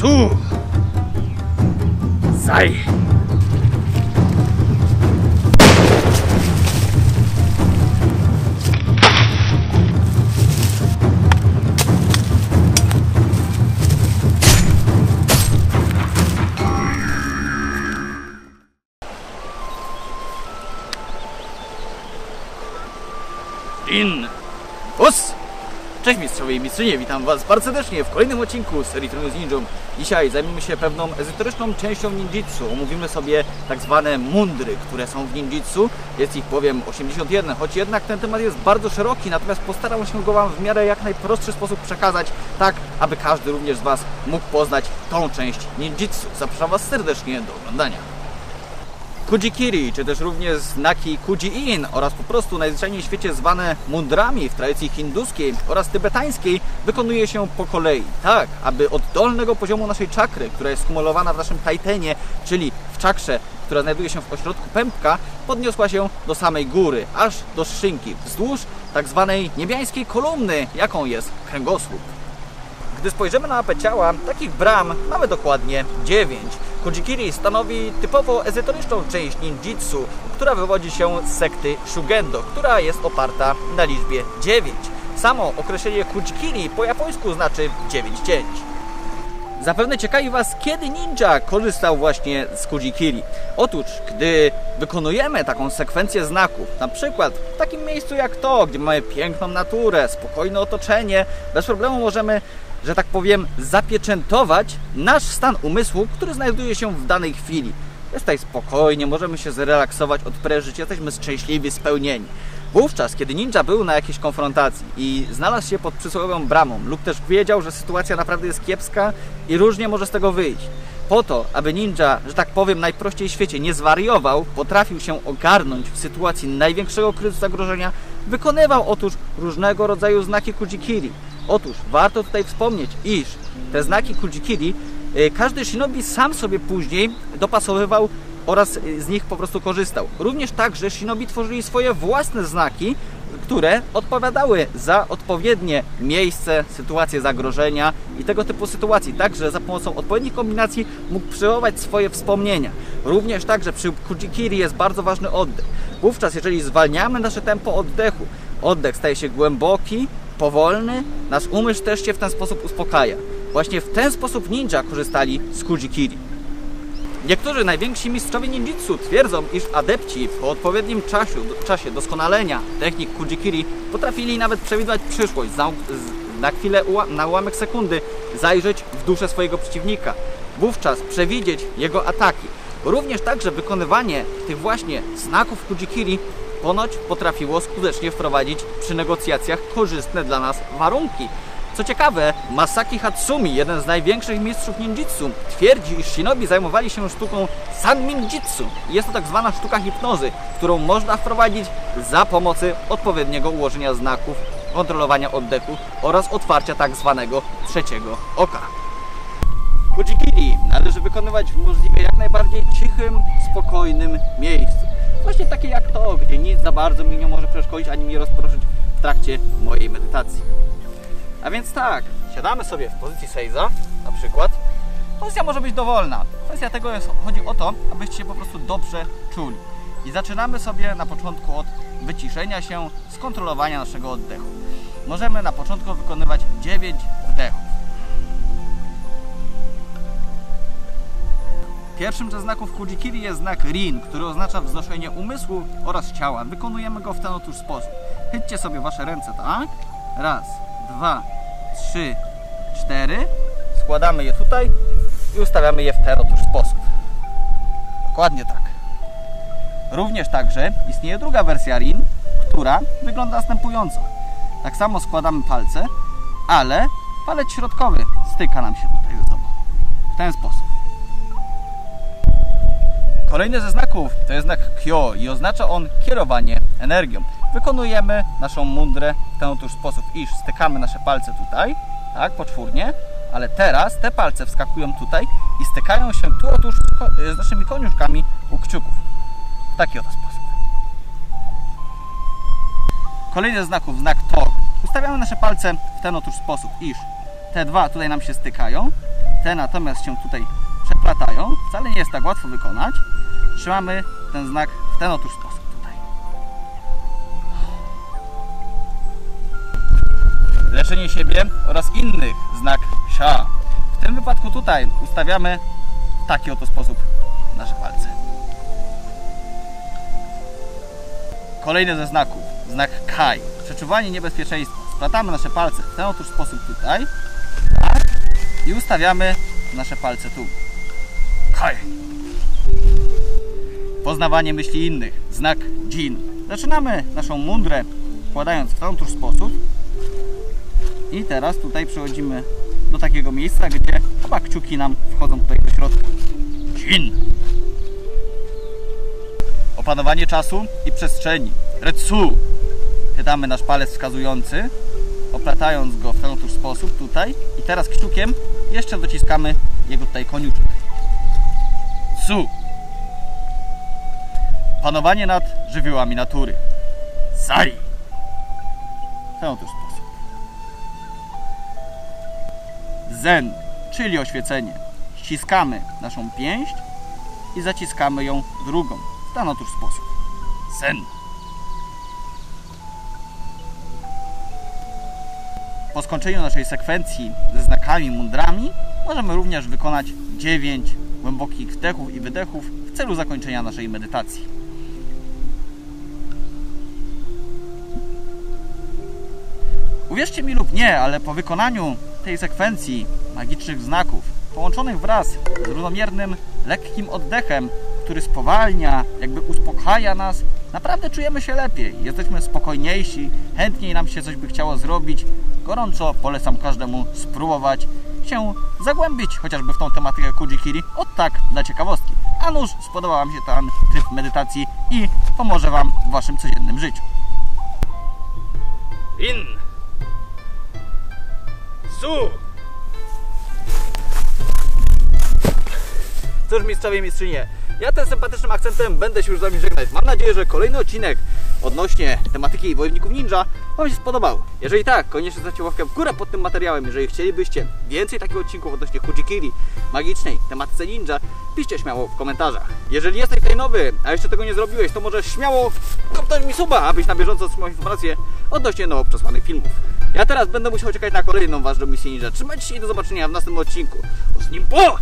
zu sei. In Bus. Cześć mistrzowie i mistrzynie, witam Was bardzo serdecznie w kolejnym odcinku serii Trenu z Ninją. Dzisiaj zajmiemy się pewną ezoteryczną częścią ninjitsu. Omówimy sobie tak zwane mundry, które są w ninjitsu. Jest ich powiem 81, choć jednak ten temat jest bardzo szeroki, natomiast postaram się go Wam w miarę jak najprostszy sposób przekazać, tak aby każdy również z Was mógł poznać tą część ninjitsu. Zapraszam Was serdecznie do oglądania. Kujikiri, czy też również znaki kuji oraz po prostu najzwyczajniej w świecie zwane mundrami w tradycji hinduskiej oraz tybetańskiej wykonuje się po kolei. Tak, aby od dolnego poziomu naszej czakry, która jest skumulowana w naszym tajtenie, czyli w czakrze, która znajduje się w ośrodku pępka, podniosła się do samej góry, aż do szynki, wzdłuż tak zwanej niebiańskiej kolumny, jaką jest kręgosłup. Gdy spojrzymy na mapę ciała, takich bram mamy dokładnie 9 Kujikiri stanowi typowo ezoteryczną część ninjitsu, która wywodzi się z sekty Shugendo, która jest oparta na liczbie 9. Samo określenie Kujikiri po japońsku znaczy 9 cięć. Zapewne ciekawi Was, kiedy ninja korzystał właśnie z Kujikiri. Otóż, gdy wykonujemy taką sekwencję znaków, na przykład w takim miejscu jak to, gdzie mamy piękną naturę, spokojne otoczenie, bez problemu możemy że tak powiem, zapieczętować nasz stan umysłu, który znajduje się w danej chwili. Jest tutaj spokojnie, możemy się zrelaksować, odprężyć, jesteśmy szczęśliwi, spełnieni. Wówczas, kiedy ninja był na jakiejś konfrontacji i znalazł się pod przysłowiową bramą lub też wiedział, że sytuacja naprawdę jest kiepska i różnie może z tego wyjść, po to, aby ninja, że tak powiem, najprościej w świecie nie zwariował, potrafił się ogarnąć w sytuacji największego kryzysu zagrożenia, wykonywał otóż różnego rodzaju znaki kudzikiri. Otóż warto tutaj wspomnieć, iż te znaki Kujikiri y, każdy shinobi sam sobie później dopasowywał oraz y, z nich po prostu korzystał. Również także shinobi tworzyli swoje własne znaki, które odpowiadały za odpowiednie miejsce, sytuację zagrożenia i tego typu sytuacji. Także za pomocą odpowiednich kombinacji mógł przywołać swoje wspomnienia. Również także przy Kudzikiri jest bardzo ważny oddech. Wówczas, jeżeli zwalniamy nasze tempo oddechu, oddech staje się głęboki, powolny, nasz umysł też się w ten sposób uspokaja. Właśnie w ten sposób ninja korzystali z Kujikiri. Niektórzy najwięksi mistrzowie ninjitsu twierdzą, iż adepci po odpowiednim czasie, czasie doskonalenia technik Kujikiri potrafili nawet przewidywać przyszłość, za, na chwilę, na ułamek sekundy zajrzeć w duszę swojego przeciwnika, wówczas przewidzieć jego ataki. Również także wykonywanie tych właśnie znaków Kujikiri ponoć potrafiło skutecznie wprowadzić przy negocjacjach korzystne dla nas warunki. Co ciekawe, Masaki Hatsumi, jeden z największych mistrzów ninjitsu, twierdzi, iż shinobi zajmowali się sztuką sanminjitsu. Jest to tak zwana sztuka hipnozy, którą można wprowadzić za pomocą odpowiedniego ułożenia znaków, kontrolowania oddechu oraz otwarcia tak zwanego trzeciego oka. Kujikiri należy wykonywać w możliwie jak najbardziej cichym, spokojnym miejscu. Właśnie takie jak to, gdzie nic za bardzo mi nie może przeszkodzić ani mnie rozproszyć w trakcie mojej medytacji. A więc tak, siadamy sobie w pozycji seiza na przykład. Pozycja może być dowolna. Kwestia tego jest, chodzi o to, abyście się po prostu dobrze czuli. I zaczynamy sobie na początku od wyciszenia się, skontrolowania naszego oddechu. Możemy na początku wykonywać 9 Pierwszym ze znaków Kujikiri jest znak Rin, który oznacza wznoszenie umysłu oraz ciała. Wykonujemy go w ten otóż sposób. Chydźcie sobie wasze ręce, tak? Raz, dwa, trzy, cztery. Składamy je tutaj i ustawiamy je w ten otóż sposób. Dokładnie tak. Również także istnieje druga wersja Rin, która wygląda następująco. Tak samo składamy palce, ale palec środkowy styka nam się tutaj ze sobą. W ten sposób. Kolejny ze znaków to jest znak Kyo i oznacza on kierowanie energią. Wykonujemy naszą mundrę w ten otóż sposób, iż stykamy nasze palce tutaj, tak, poczwórnie, ale teraz te palce wskakują tutaj i stykają się tu otóż z naszymi koniuszkami u kciuków. W taki oto sposób. Kolejny ze znaków, znak TOR. Ustawiamy nasze palce w ten otóż sposób, iż te dwa tutaj nam się stykają, te natomiast się tutaj platają, wcale nie jest tak łatwo wykonać. Trzymamy ten znak w ten otóż sposób. tutaj. Leczenie siebie oraz innych znak sha. W tym wypadku tutaj ustawiamy w taki oto sposób nasze palce. Kolejny ze znaków, znak kai. Przeczuwanie niebezpieczeństwa. Splatamy nasze palce w ten otóż sposób tutaj tak, i ustawiamy nasze palce tu. Poznawanie myśli innych. Znak Jin. Zaczynamy naszą mundrę wkładając w tamtuż sposób. I teraz tutaj przechodzimy do takiego miejsca, gdzie oba kciuki nam wchodzą tutaj do środka. Jin! Opanowanie czasu i przestrzeni. Retsu! Chwytamy nasz palec wskazujący, oplatając go w ten otóż sposób tutaj i teraz kciukiem jeszcze dociskamy jego tutaj koniuszek psu. Panowanie nad żywiołami natury. Sari. W ten oto sposób. Zen, czyli oświecenie. Ściskamy naszą pięść i zaciskamy ją drugą. W ten otóż sposób. Zen. Po skończeniu naszej sekwencji ze znakami mundrami możemy również wykonać 9 głębokich wdechów i wydechów w celu zakończenia naszej medytacji. Uwierzcie mi lub nie, ale po wykonaniu tej sekwencji magicznych znaków, połączonych wraz z równomiernym, lekkim oddechem, który spowalnia, jakby uspokaja nas, naprawdę czujemy się lepiej. Jesteśmy spokojniejsi, chętniej nam się coś by chciało zrobić. Gorąco polecam każdemu spróbować się zagłębić chociażby w tą tematykę Kujikiri od tak dla ciekawostki. A nuż spodobał Wam się ten tryb medytacji i pomoże Wam w Waszym codziennym życiu. In Su Cóż mistrzowie i mistrzynie, ja tym sympatycznym akcentem będę się już z Wami żegnać. Mam nadzieję, że kolejny odcinek odnośnie tematyki Wojowników Ninja Wam się spodobał. Jeżeli tak, koniecznie zostawcie łapkę w górę pod tym materiałem. Jeżeli chcielibyście więcej takich odcinków odnośnie Hujikiri, magicznej tematyce ninja, piszcie śmiało w komentarzach. Jeżeli jesteś tutaj nowy, a jeszcze tego nie zrobiłeś, to może śmiało kopnąć mi suba, abyś na bieżąco otrzymał informacje odnośnie nowo przesłanych filmów. Ja teraz będę musiał czekać na kolejną ważną misję ninja. Trzymajcie się i do zobaczenia w następnym odcinku. z nim po!